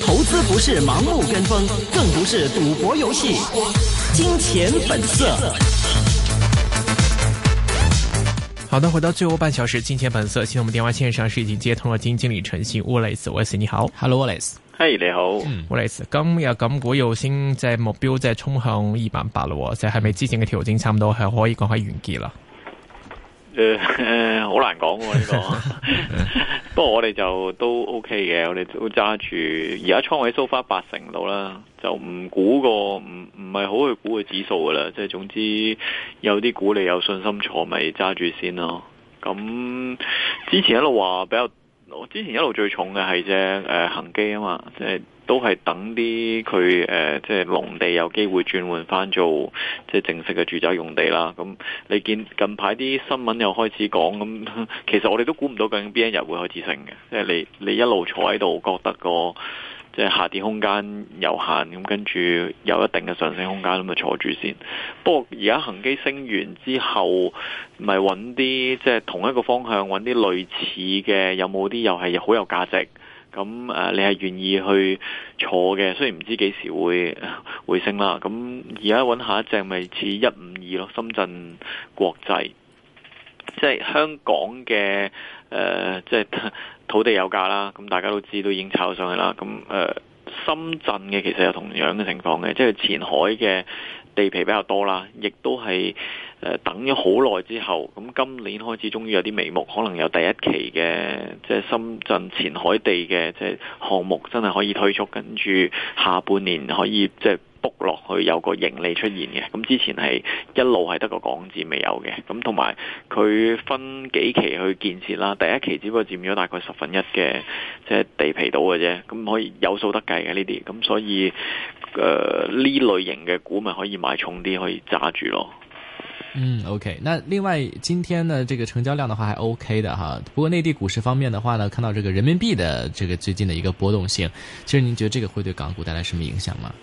投資不是盲目跟風，更不是賭博遊戲。金錢本色。好的，回到最後半小時，金錢本色。現在我們電話線上是已經接通了金經理陳昕。Wallace，Wallace 你好，hey，你好，Hello Wallace，嗨，你好，Wallace。今日港股有新嘅目標即係衝向二萬八了，即係咪之前嘅調整差唔多係可以講係完結啦？誒，好、呃呃這個、難講喎呢個，不過 我哋就都 OK 嘅，我哋都揸住，而家倉位收、so、翻八成度啦，就唔估個，唔唔係好去估個指數㗎啦，即係總之有啲股你有信心坐咪揸住先咯。咁之前一路話比較。我之前一路最重嘅係隻誒，恆基啊嘛，即係都係等啲佢誒，即係農地有機會轉換返做即係正式嘅住宅用地啦。咁你見近排啲新聞又開始講，咁其實我哋都估唔到究竟邊一日會開始升嘅，即係你你一路坐喺度覺得個。即係下跌空間有限，咁跟住有一定嘅上升空間，咁就坐住先。不過而家恒基升完之後，咪揾啲即係同一個方向，揾啲類似嘅，有冇啲又係好有價值？咁誒，你係願意去坐嘅？雖然唔知幾時會會升啦。咁而家揾下一隻咪似一五二咯，深圳國際，即係香港嘅，誒，即係。土地有價啦，咁大家都知都已經炒上去啦。咁誒、呃，深圳嘅其實有同樣嘅情況嘅，即係前海嘅地皮比較多啦，亦都係誒、呃、等咗好耐之後，咁今年開始終於有啲眉目，可能有第一期嘅即係深圳前海地嘅即係項目真係可以推出，跟住下半年可以即係。卜落去有個盈利出現嘅，咁之前係一路係得個港字未有嘅，咁同埋佢分幾期去建設啦。第一期只不過佔咗大概十分一嘅即係地皮到嘅啫，咁可以有數得計嘅呢啲，咁所以誒、呢類型嘅股咪可以買重啲，可以揸住咯。嗯，OK，那另外今天呢，這個成交量的話還 OK 的哈。不過內地股市方面的話呢，看到這個人民幣的這個最近的一個波動性，其實您覺得這個會對港股帶來什麼影響嗎？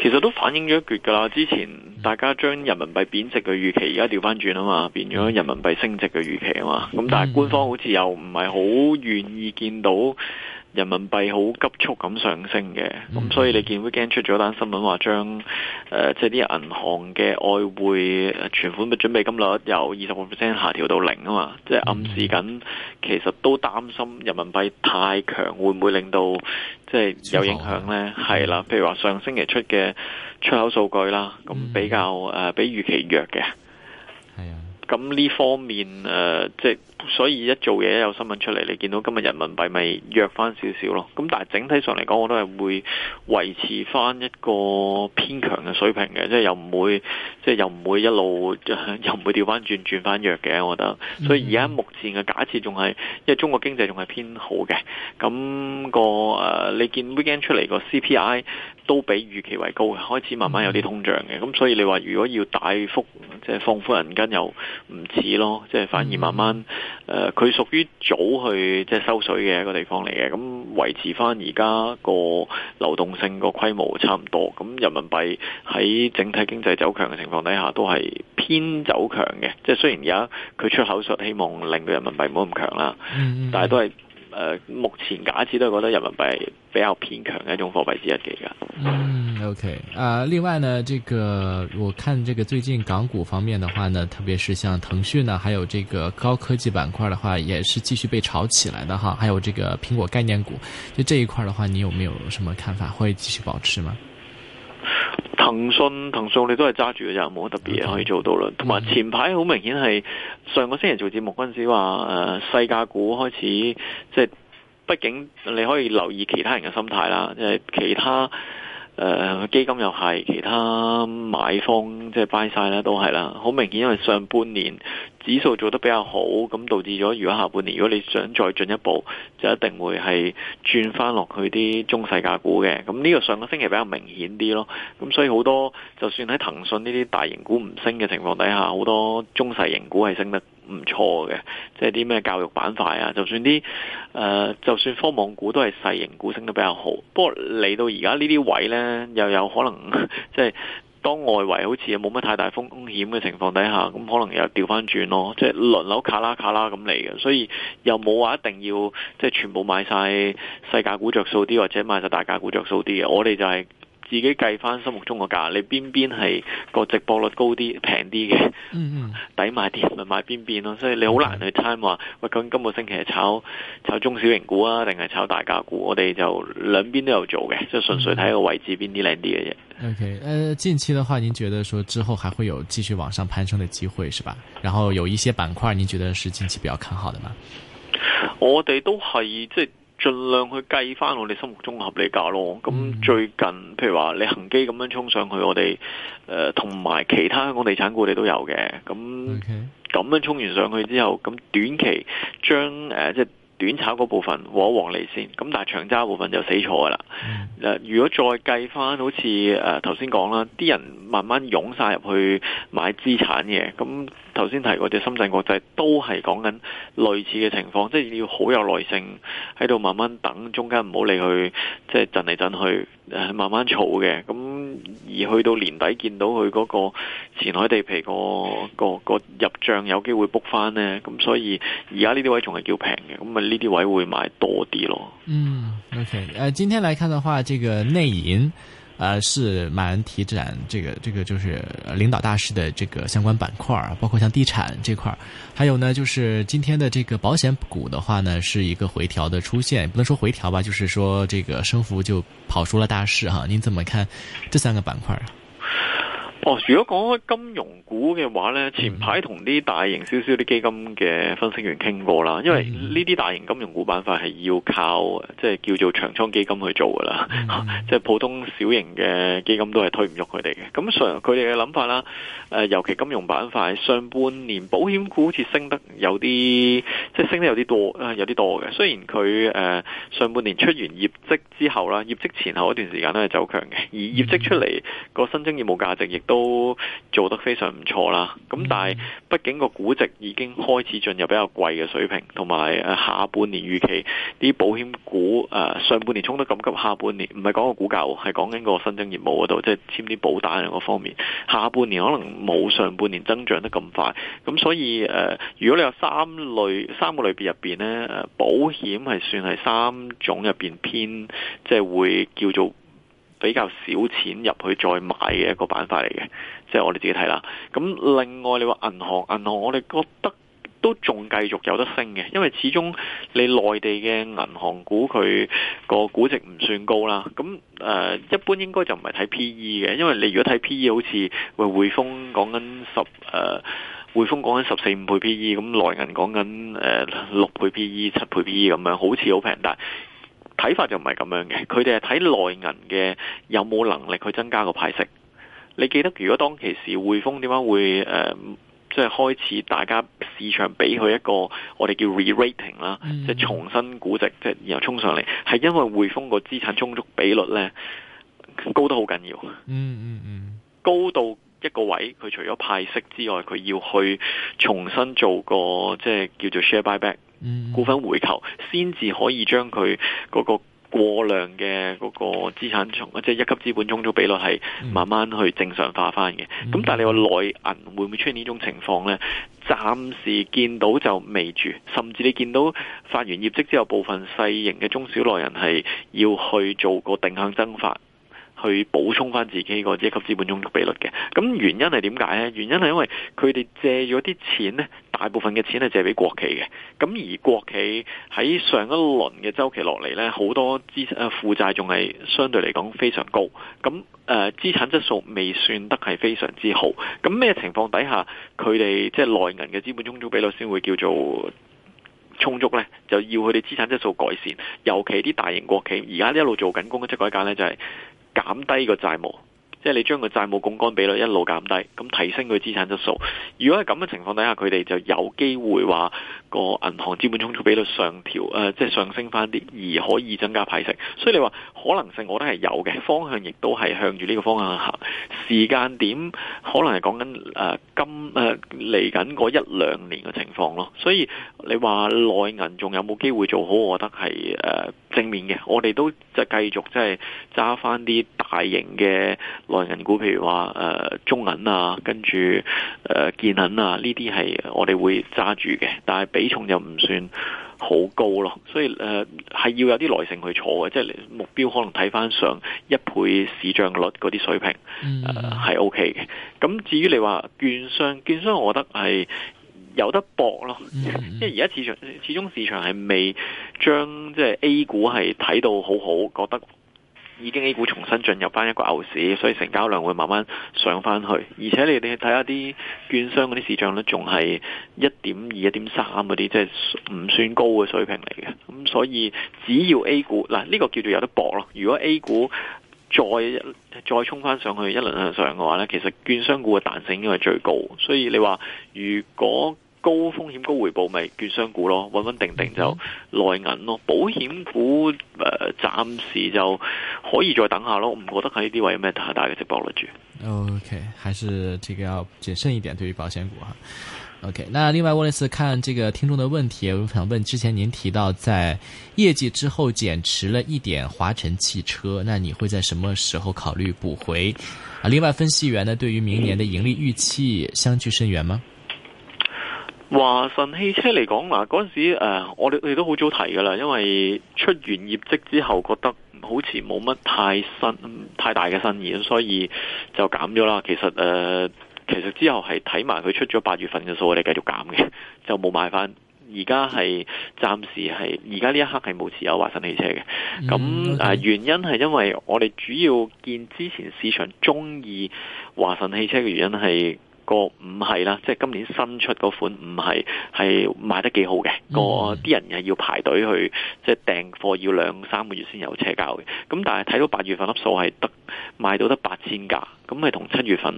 其實都反映咗一句㗎喇，之前大家將人民幣貶值嘅預期，而家調返轉啊嘛，變咗人民幣升值嘅預期啊嘛，咁但係官方好似又唔係好願意見到。人民幣好急速咁上升嘅，咁、嗯、所以你見 Weekend 出咗單新聞話將誒即係啲銀行嘅外匯存款嘅準備金率由二十個 percent 下調到零啊嘛，即、就、係、是、暗示緊其實都擔心人民幣太強會唔會令到即係、就是、有影響呢？係啦、啊，譬如話上星期出嘅出口數據啦，咁比較誒、嗯呃、比預期弱嘅，係啊的，咁呢方面誒、呃、即所以一做嘢有新聞出嚟，你見到今日人民幣咪弱翻少少咯。咁但係整體上嚟講，我都係會維持翻一個偏強嘅水平嘅，即係又唔會，即係又唔會一路、啊、又唔會調翻轉轉翻弱嘅。我覺得。所以而家目前嘅假設仲係，因為中國經濟仲係偏好嘅。咁、那個誒，你見 weekend 出嚟個 CPI 都比預期為高，開始慢慢有啲通脹嘅。咁、嗯、所以你話如果要大幅即係、就是、放寬銀根又唔似咯，即、就、係、是、反而慢慢。誒，佢屬於早去即係收水嘅一個地方嚟嘅，咁維持翻而家個流動性個規模差唔多，咁人民幣喺整體經濟走強嘅情況底下，都係偏走強嘅。即係雖然而家佢出口率希望令到人民幣唔好咁強啦，但係都係。目前假設都覺得人民幣比較偏強嘅一種貨幣之一嘅。噶、嗯。嗯，OK、呃。啊，另外呢，這個我看這個最近港股方面的話呢，特別是像騰訊呢，還有這個高科技板塊的話，也是繼續被炒起來的哈。還有這個蘋果概念股，就這一塊的話，你有沒有什麼看法？會繼續保持嗎？騰訊，騰訊你都係揸住嘅就冇乜特別嘢可以做到啦。同埋前排好明顯係上個星期做節目嗰陣時話，誒、呃、細價股開始即係，畢、就是、竟你可以留意其他人嘅心態啦，即、就、係、是、其他。誒、uh, 基金又係，其他買方即係 buy 曬咧，都係啦。好明顯，因為上半年指數做得比較好，咁導致咗如果下半年如果你想再進一步，就一定會係轉翻落去啲中世價股嘅。咁呢個上個星期比較明顯啲咯。咁所以好多就算喺騰訊呢啲大型股唔升嘅情況底下，好多中細型股係升得。唔錯嘅，即係啲咩教育板塊啊，就算啲誒、呃，就算科網股都係細型股升得比較好。不過嚟到而家呢啲位呢，又有可能即係當外圍好似冇乜太大風險嘅情況底下，咁可能又調翻轉咯，即係輪流卡啦卡啦咁嚟嘅。所以又冇話一定要即係全部買晒細價股着數啲，或者買晒大價股着數啲嘅。我哋就係、是。自己計返心目中個價，你邊邊係個值博率高啲、平啲嘅，嗯嗯，抵買啲咪買邊邊咯，所以你好難去猜話 Okay. 喂佢今個星期係炒炒中小型股啊，定係炒大價股？我哋就兩邊都有做嘅，即係純粹睇個位置邊啲靚啲嘅嘢。O K，誒近期嘅話，您覺得說之後還會有繼續往上攀升嘅機會，是吧？然後有一些板塊，您覺得是近期比較看好的嗎？我哋都係即係。盡量去計翻我哋心目中嘅合理價咯。咁最近，譬如話你恆基咁樣衝上去，我哋誒同埋其他香港地產股，我哋都有嘅。咁咁 Okay. 樣衝完上去之後，咁短期將誒、呃、即係。短炒嗰部分和黃嚟先，咁但係長揸部分就死錯噶啦。嗱，如果再計翻，好似誒頭先講啦，啲人慢慢湧晒入去買資產嘅，咁頭先提過隻深圳國際都係講緊類似嘅情況，即係要好有耐性喺度慢慢等，中間唔好理佢即係震嚟震去，慢慢儲嘅。咁而去到年底見到佢嗰個前海地皮個個個入帳有機會 book 翻呢。咁所以而家呢啲位仲係叫平嘅，咁啊。B D 位會買多啲咯，嗯，OK，誒、呃，今天來看的話，這個內銀，啊、呃，是蠻提振，這個，這個就是領導大勢的這個相關板塊，包括像地產這塊，還有呢，就是今天的這個保險股的話呢，是一個回調的出現，不能說回調吧，就是說這個升幅就跑輸了大勢。哈，您怎麼看這三個板塊啊？哦，如果講開金融股嘅話咧，前排同啲大型少少啲基金嘅分析員傾過啦，因為呢啲大型金融股板塊係要靠即係、就是、叫做長倉基金去做噶啦，即係 普通小型嘅基金都係推唔喐佢哋嘅。咁上佢哋嘅諗法啦，誒、呃、尤其金融板塊上半年保險股好似升得有啲，即、就、係、是、升得有啲多啊，有啲多嘅。雖然佢誒、呃、上半年出完業績之後啦，業績前後嗰段時間都係走強嘅，而業績出嚟個新增業務價值亦都。都做得非常唔錯啦，咁但係畢竟個估值，已經開始進入比較貴嘅水平，同埋誒下半年預期啲保險股誒上半年衝得咁急，下半年唔係講個股價，係講緊個新增業務嗰度，即係簽啲保單嗰方面，下半年可能冇上半年增長得咁快，咁所以誒如果你有三類三個類別入邊咧，保險係算係三種入邊偏即係、就是、會叫做。比較少錢入去再買嘅一個板塊嚟嘅，即係我哋自己睇啦。咁另外你話銀行，銀行我哋覺得都仲繼續有得升嘅，因為始終你內地嘅銀行股佢個估值唔算高啦。咁誒、呃，一般應該就唔係睇 P E 嘅，因為你如果睇 P E，好似喂，匯豐講緊十誒，匯豐講緊十四五倍 P E，咁內銀講緊誒六倍 P E，七倍 P E 咁樣，好似好平，但係。睇法就唔係咁樣嘅，佢哋係睇內銀嘅有冇能力去增加個派息。你記得如果當其時匯豐點解會誒即係開始大家市場俾佢一個我哋叫 re-rating 啦，即係重新估值，即係然後衝上嚟，係因為匯豐個資產充足比率咧高得好緊要。嗯嗯嗯，高到。一個位佢除咗派息之外，佢要去重新做個即係叫做 share buy back，股份回購，先至可以將佢嗰個過量嘅嗰個資產重即係一級資本充足比率係慢慢去正常化翻嘅。咁、嗯、但係你話內銀會唔會出現呢種情況呢？暫時見到就未住，甚至你見到發完業績之後，部分細型嘅中小內銀係要去做個定向增發。去補充翻自己個一級資本充足比率嘅，咁原因係點解咧？原因係因為佢哋借咗啲錢咧，大部分嘅錢係借俾國企嘅，咁而國企喺上一輪嘅周期落嚟呢，好多資產負債仲係相對嚟講非常高，咁誒、呃、資產質素未算得係非常之好，咁咩情況底下佢哋即係內銀嘅資本充足比率先會叫做充足呢？就要佢哋資產質素改善，尤其啲大型國企而家呢一路做緊供給側改革呢，就係、是。減低個債務。即係你將個債務槓桿比率一路減低，咁提升佢資產質素。如果係咁嘅情況底下，佢哋就有機會話個銀行資本充足比率上調，誒、呃，即係上升翻啲，而可以增加派息。所以你話可能性我覺得，我都係有嘅方向，亦都係向住呢個方向行。時間點可能係講緊誒、呃、今誒嚟緊嗰一兩年嘅情況咯。所以你話內銀仲有冇機會做好，我覺得係誒、呃、正面嘅。我哋都即係繼續即係揸翻啲大型嘅。個人股，譬如話誒中銀啊，跟住誒建銀啊，呢啲係我哋會揸住嘅，但係比重又唔算好高咯，所以誒係、呃、要有啲耐性去坐嘅，即係目標可能睇返上一倍市賬率嗰啲水平係 O K 嘅。咁、mm hmm. 呃 OK、至於你話券商，券商我覺得係有得搏咯，即係而家市場始終市場係未將即係 A 股係睇到好好，覺得。已經 A 股重新進入翻一個牛市，所以成交量會慢慢上翻去，而且你哋去睇下啲券商嗰啲市賬率呢仲係一點二、一點三嗰啲，即係唔算高嘅水平嚟嘅。咁所以只要 A 股嗱呢個叫做有得搏咯。如果 A 股再再衝翻上去一輪向上嘅話呢，其實券商股嘅彈性應該係最高。所以你話如果，高風險高回報咪券商股咯，穩穩定定就內銀咯，保險股誒、呃、暫時就可以再等下咯，我唔覺得喺呢啲位有咩太大嘅波動住。OK，還是這個要謹慎一點對於保險股。OK，那另外沃尼斯看這個聽眾的問題，我想問之前您提到在業績之後減持了一點華晨汽車，那你會在什麼時候考慮補回？啊，另外分析員呢，對於明年的盈利預期相距甚遠嗎？嗯華晨汽車嚟講嗱，嗰陣時誒、呃，我哋我哋都好早提噶啦，因為出完業績之後覺得好似冇乜太新太大嘅新意，所以就減咗啦。其實誒、呃，其實之後係睇埋佢出咗八月份嘅數，我哋繼續減嘅，就冇買翻。而家係暫時係而家呢一刻係冇持有華晨汽車嘅。咁啊、嗯呃、原因係因為我哋主要見之前市場中意華晨汽車嘅原因係。個五係啦，即係今年新出個款五係係賣得幾好嘅，個啲、嗯、人係要排隊去即係訂貨，要兩三個月先有車交嘅。咁但係睇到八月份粒數係得賣到得八千架。咁係同七月份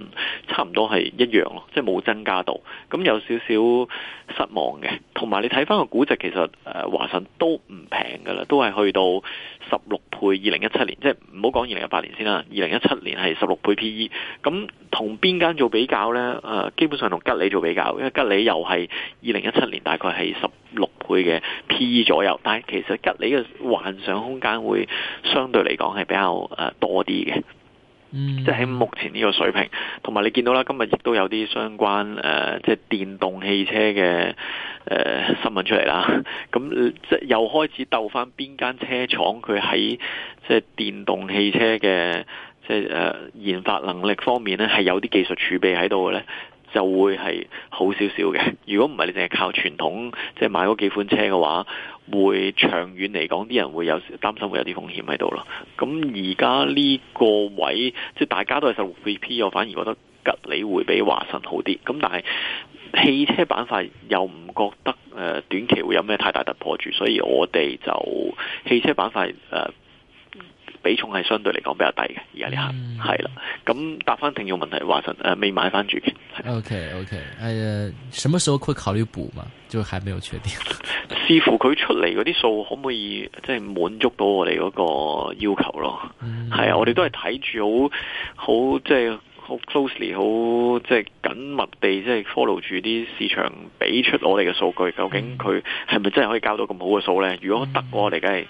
差唔多係一樣咯，即係冇增加到，咁有少少失望嘅。同埋你睇返個估值其實誒，華晨都唔平㗎啦，都係去到十六倍二零一七年，即係唔好講二零一八年先啦，二零一七年係十六倍 P E。咁同邊間做比較呢？誒，基本上同吉利做比較，因為吉利又係二零一七年大概係十六倍嘅 P E 左右，但係其實吉利嘅幻想空間會相對嚟講係比較誒多啲嘅。嗯，即係喺目前呢個水平，同埋你見到啦，今日亦都有啲相關誒、呃，即係電動汽車嘅誒、呃、新聞出嚟啦。咁、嗯、即係又開始鬥翻邊間車廠，佢喺即係電動汽車嘅即係誒、呃、研發能力方面咧，係有啲技術儲備喺度嘅咧。就會係好少少嘅。如果唔係你淨係靠傳統，即係買嗰幾款車嘅話，會長遠嚟講，啲人會有擔心，會有啲風險喺度咯。咁而家呢個位，即係大家都係十六倍 P，我反而覺得吉利會比華晨好啲。咁但係汽車板塊又唔覺得誒短期會有咩太大突破住，所以我哋就汽車板塊誒。呃比重係相對嚟講比較低嘅，而家呢下係啦，咁、嗯、答翻停用問題，話誒未買翻住嘅。O K O K，誒，什麼時候會考慮補嘛？就還沒有確定，視乎佢出嚟嗰啲數可唔可以，即係滿足到我哋嗰個要求咯。係啊、嗯，我哋都係睇住好好，即係好 closely，好即係緊密地，即係 follow 住啲市場俾出我哋嘅數據，究竟佢係咪真係可以交到咁好嘅數咧？嗯、如果得我哋梗係。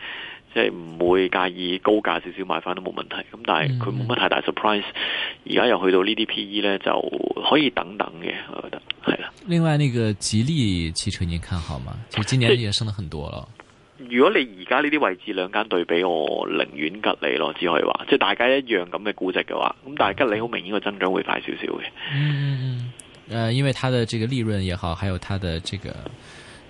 即係唔會介意高價少少買翻都冇問題，咁但係佢冇乜太大 surprise。而家又去到呢啲 PE 咧，就可以等等嘅，我覺得係啦。另外，那個吉利汽車，您看好嗎？其實今年也升得很多咯。 如果你而家呢啲位置兩間對比，我寧願吉利咯，只可以話，即係大家一樣咁嘅估值嘅話，咁但係吉利好明顯個增長會快少少嘅。嗯，呃，因為它的這個利潤也好，還有它的這個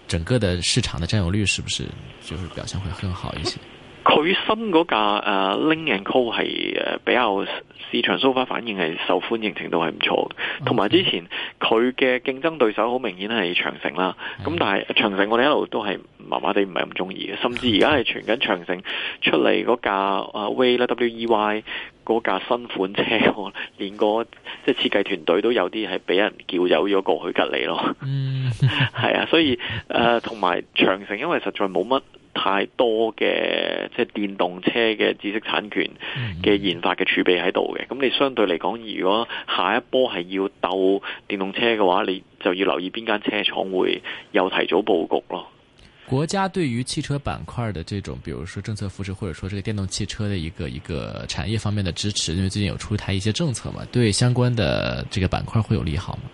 整個的市場的佔有率，是不是就是表現會更好一些？ 佢新嗰架誒、uh, Lincoln Co 係誒、uh, 比較市場 s 場蘇花反應係受歡迎程度係唔錯嘅，同埋之前佢嘅競爭對手好明顯係長城啦。咁、mm hmm. 但係長城我哋一路都係麻麻哋唔係咁中意嘅，甚至而家係傳緊長城出嚟嗰架啊 Way、uh, W E Y 嗰架新款車，mm hmm. 連個即係設計團隊都有啲係俾人叫走咗過去吉利咯。嗯、mm，係、hmm. 啊，所以誒同埋長城因為實在冇乜。太多嘅即係電動車嘅知識產權嘅研發嘅儲備喺度嘅，咁、嗯、你相對嚟講，如果下一波係要鬥電動車嘅話，你就要留意邊間車廠會有提早佈局咯。國家對於汽車板塊的這種，比如說政策扶持，或者說這個電動汽車的一個一個產業方面的支持，因為最近有出台一些政策嘛，對相關的這個板塊會有利好嗎？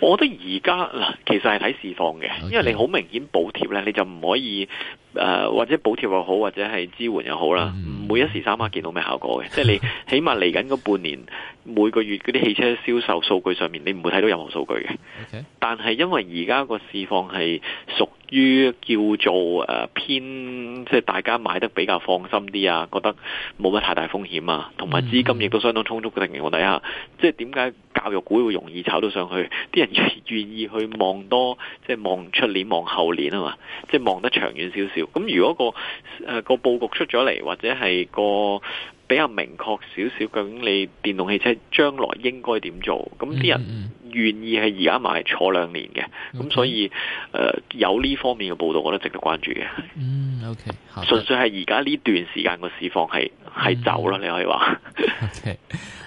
我覺得而家嗱，其實係睇市況嘅，因為你好明顯補貼咧，你就唔可以誒、呃、或者補貼又好，或者係支援又好啦。嗯每一時三刻見到咩效果嘅，即係你起碼嚟緊嗰半年每個月嗰啲汽車銷售數據上面，你唔會睇到任何數據嘅。Okay. 但係因為而家個市況係屬於叫做誒偏，即係大家買得比較放心啲啊，覺得冇乜太大風險啊，同埋資金亦都相當充足嘅情況底下、mm.，即係點解教育股會容易炒到上去？啲人願意去望多，即係望出年望後年啊嘛，即係望得長遠少少。咁如果、嗰個誒個佈局出咗嚟，或者係個比較明確少少，究竟你電動汽車將來應該點做？咁啲人願意係而家買坐兩年嘅，咁、嗯、所以誒 Okay.、呃、有呢方面嘅報道，我覺得值得關注嘅。嗯，OK，純粹係而家呢段時間個市況係係走啦，你可以話。okay. okay.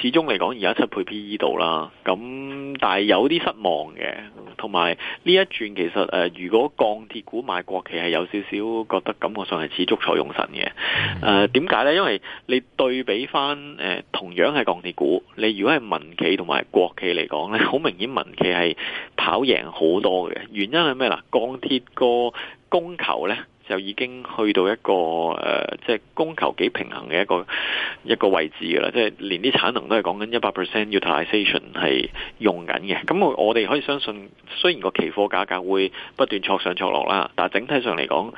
始終嚟講，而家七倍 P E 度啦，咁但係有啲失望嘅，同埋呢一轉其實誒、呃，如果鋼鐵股買國企係有少少覺得感覺上係始足採用神嘅誒，點、呃、解呢？因為你對比翻誒、呃、同樣係鋼鐵股，你如果係民企同埋國企嚟講咧，好明顯民企係跑贏好多嘅原因係咩啦？鋼鐵個供求呢，就已經去到一個誒、呃，即係供求幾平衡嘅一個一個位置㗎啦，即係連啲產能都係講緊一百 percent utilization 係用緊嘅。咁我我哋可以相信，雖然個期貨價格會不斷挫上挫落啦，但係整體上嚟講，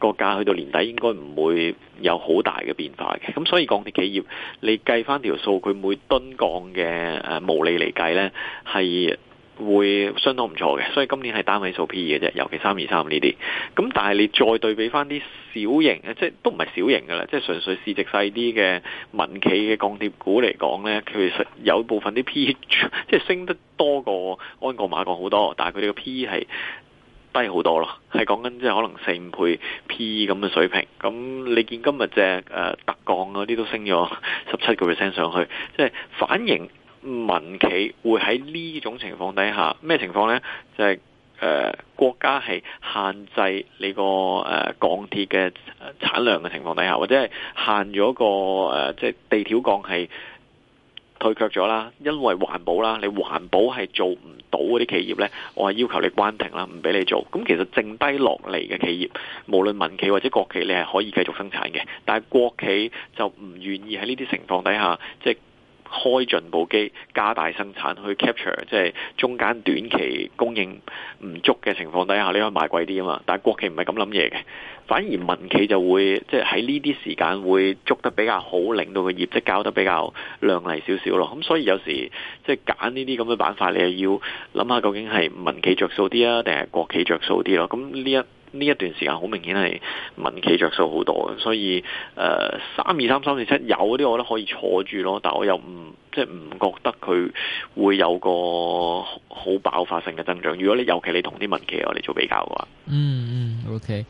個價去到年底應該唔會有好大嘅變化嘅。咁所以鋼鐵企業，你計翻條數，佢每噸鋼嘅誒毛利嚟計呢，係。會相當唔錯嘅，所以今年係單位數 P 嘅啫，尤其三二三呢啲。咁但係你再對比翻啲小型，嘅，即係都唔係小型嘅啦，即係純粹市值細啲嘅民企嘅鋼鐵股嚟講呢，其實有部分啲 P 即係升得多過鞍鋼馬鋼好多，但係佢哋個 P 係低好多咯，係講緊即係可能四五倍 P 咁嘅水平。咁你見今日隻、呃、特鋼嗰啲都升咗十七個 percent 上去，即係反應。民企會喺呢種情況底下咩情況呢？就係、是、誒、呃，國家係限制你個誒鋼鐵嘅產量嘅情況底下，或者係限咗個誒，即、呃、係、就是、地條鋼係退卻咗啦，因為環保啦，你環保係做唔到嗰啲企業呢，我係要求你關停啦，唔俾你做。咁其實剩低落嚟嘅企業，無論民企或者國企，你係可以繼續生產嘅，但係國企就唔願意喺呢啲情況底下，即係。開盡部機，加大生產，去 capture 即係中間短期供應唔足嘅情況底下，你可以賣貴啲啊嘛。但係國企唔係咁諗嘢嘅，反而民企就會即係喺呢啲時間會捉得比較好，令到個業績交得比較亮麗少少咯。咁所以有時即係揀呢啲咁嘅板塊，你又要諗下究竟係民企着數啲啊，定係國企着數啲咯？咁呢一呢一段時間好明顯係民企着數好多，所以，誒，三二三三四七有啲我都可以坐住咯，但我又唔即係唔覺得佢會有個好爆發性嘅增長。如果你尤其你同啲民企我嚟做比較嘅話，嗯嗯，OK。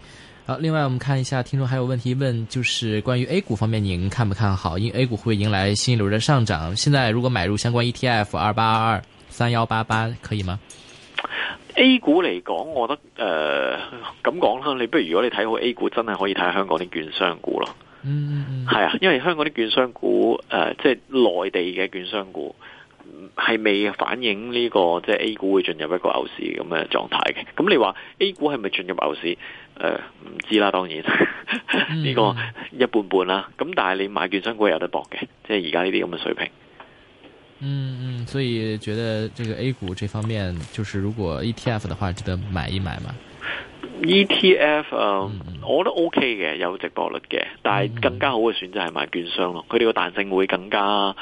好，另外我們看一下，聽眾還有問題問，就是關於 A 股方面，您看不看好？因為 A 股會迎來新一輪嘅上漲？現在如果買入相關 ETF 二八二二三幺八八可以嗎？A 股嚟講，我覺得誒，咁講啦，你不如如果你睇好 A 股，真係可以睇下香港啲券商股咯。嗯，係啊，因為香港啲券商股誒、呃，即係內地嘅券商股係未反映呢、這個即係 A 股會進入一個牛市咁嘅狀態嘅。咁你話 A 股係咪進入牛市？誒、呃，唔知啦，當然呢、 嗯、 個一半半啦。咁但係你買券商股有得搏嘅，即係而家呢啲咁嘅水平。嗯嗯，所以覺得這個 A 股這方面，就是如果 ETF 的話，值得買一買嘛。ETF、uh, 嗯、我覺得 OK 嘅，有值博率嘅。但係更加好嘅選擇係買券商咯，佢哋個彈性會更加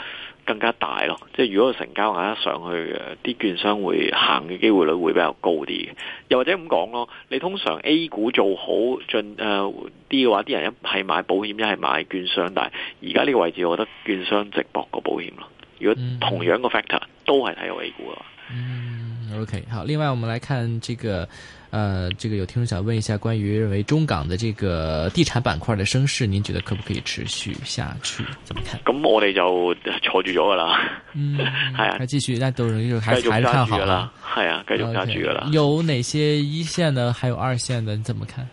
更加大咯。即係如果成交額一上去，啲券商會行嘅機會率會比較高啲嘅。又或者咁講咯，你通常 A 股做好進誒啲嘅話，啲、呃、人一係買保險，一係買券商。但係而家呢個位置，我覺得券商值博過保險咯。如果同樣個 factor、嗯、都係睇好 A 股嘅話，嗯，OK，好。另外，我們來看這個，呃，這個有聽眾想問一下，關於認為中港的這個地產板塊的升勢，您覺得可不可以持續下去？怎麼看？咁我哋就坐住咗噶啦，嗯，係啊、嗯，繼續，但都係繼續，繼續揸住嘅啦，係啊，繼續揸住嘅啦。有哪些一線呢？還有二線呢？你怎麼看？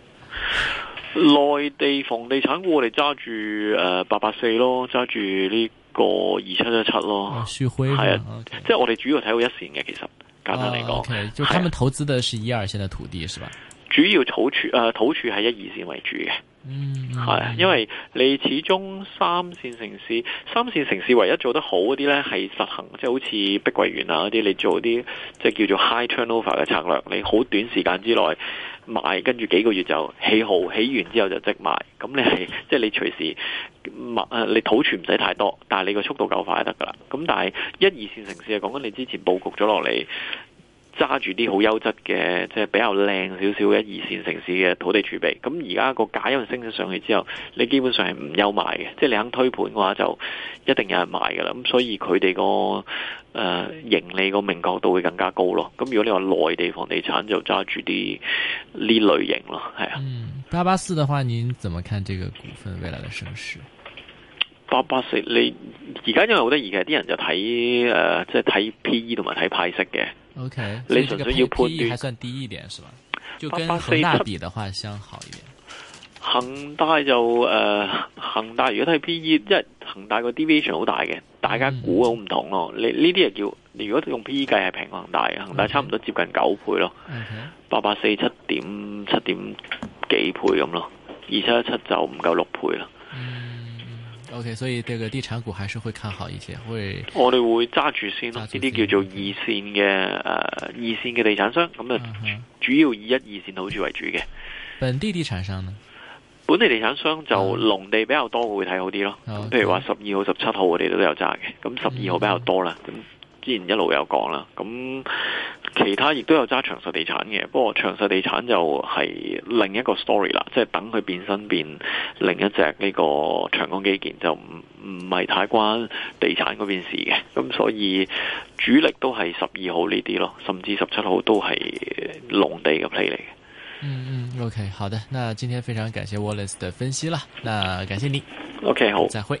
內地房地產股我哋揸住誒八八四咯，揸住呢。個二七一七咯，旭輝係啊，啊啊即係我哋主要睇到一線嘅，其實簡單嚟講，啊、okay, 就佢哋投資嘅是一二線嘅土地是吧、啊？主要土處誒、啊、土處係一二線為主嘅，嗯，係、啊，嗯、因為你始終三線城市，三線城市唯一做得好啲呢係實行即係、就是、好似碧桂園啊嗰啲，你做啲即係叫做 high turnover 嘅策略，你好短時間之內。買，跟住幾個月就起號，起完之後就即賣。咁你係即係你隨時你儲存唔使太多，但係你個速度夠快就得㗎啦。咁但係一、二線城市係講緊你之前佈局咗落嚟。揸住啲好優質嘅，即係比較靚少少嘅二線城市嘅土地儲備。咁而家個價因為升咗上去之後，你基本上係唔憂賣嘅。即係你肯推盤嘅話，就一定有人買噶啦。咁所以佢哋個誒盈利個明確度會更加高咯。咁如果你話內地房地產，就揸住啲呢類型咯，係啊。嗯，八八四嘅話，你怎麼看這個股份未來嘅上市？八八四，你而家因為好得意嘅，啲人就睇誒、呃，即係睇 P E 同埋睇派息嘅。O K，你純粹要判斷，okay, 還算低一點，是吧？就跟恒大比的話，相好一點。恒大就誒，恒大如果睇 P E，因為恒大個 division 好大嘅，大家估好唔同咯、哦。你呢啲係叫，如果用 P E 計係平恒大嘅，恒大差唔多接近九倍咯，八八四七點七點幾倍咁咯，二七一七就唔夠六倍咯。O.K.，所以呢個地產股還是會看好一些，會我哋會揸住先咯，呢啲叫做二線嘅誒、呃，二線嘅地產商咁啊，就主要以一二線好處為主嘅。本地地產商呢？本地地產商就農地比較多會睇好啲咯，嗯，咁譬如話十二號、十七號我哋都有揸嘅，咁十二號比較多啦。嗯之前一路有講啦，咁其他亦都有揸長實地產嘅，不過長實地產就係另一個 story 啦，即係等佢變身變另一隻呢個長江基建就唔唔係太關地產嗰邊的事嘅，咁所以主力都係十二號呢啲咯，甚至十七號都係農地嘅 play 嚟嘅。嗯嗯，OK，好的，那今天非常感謝 Wallace 的分析啦，那感謝你。OK，好，再會。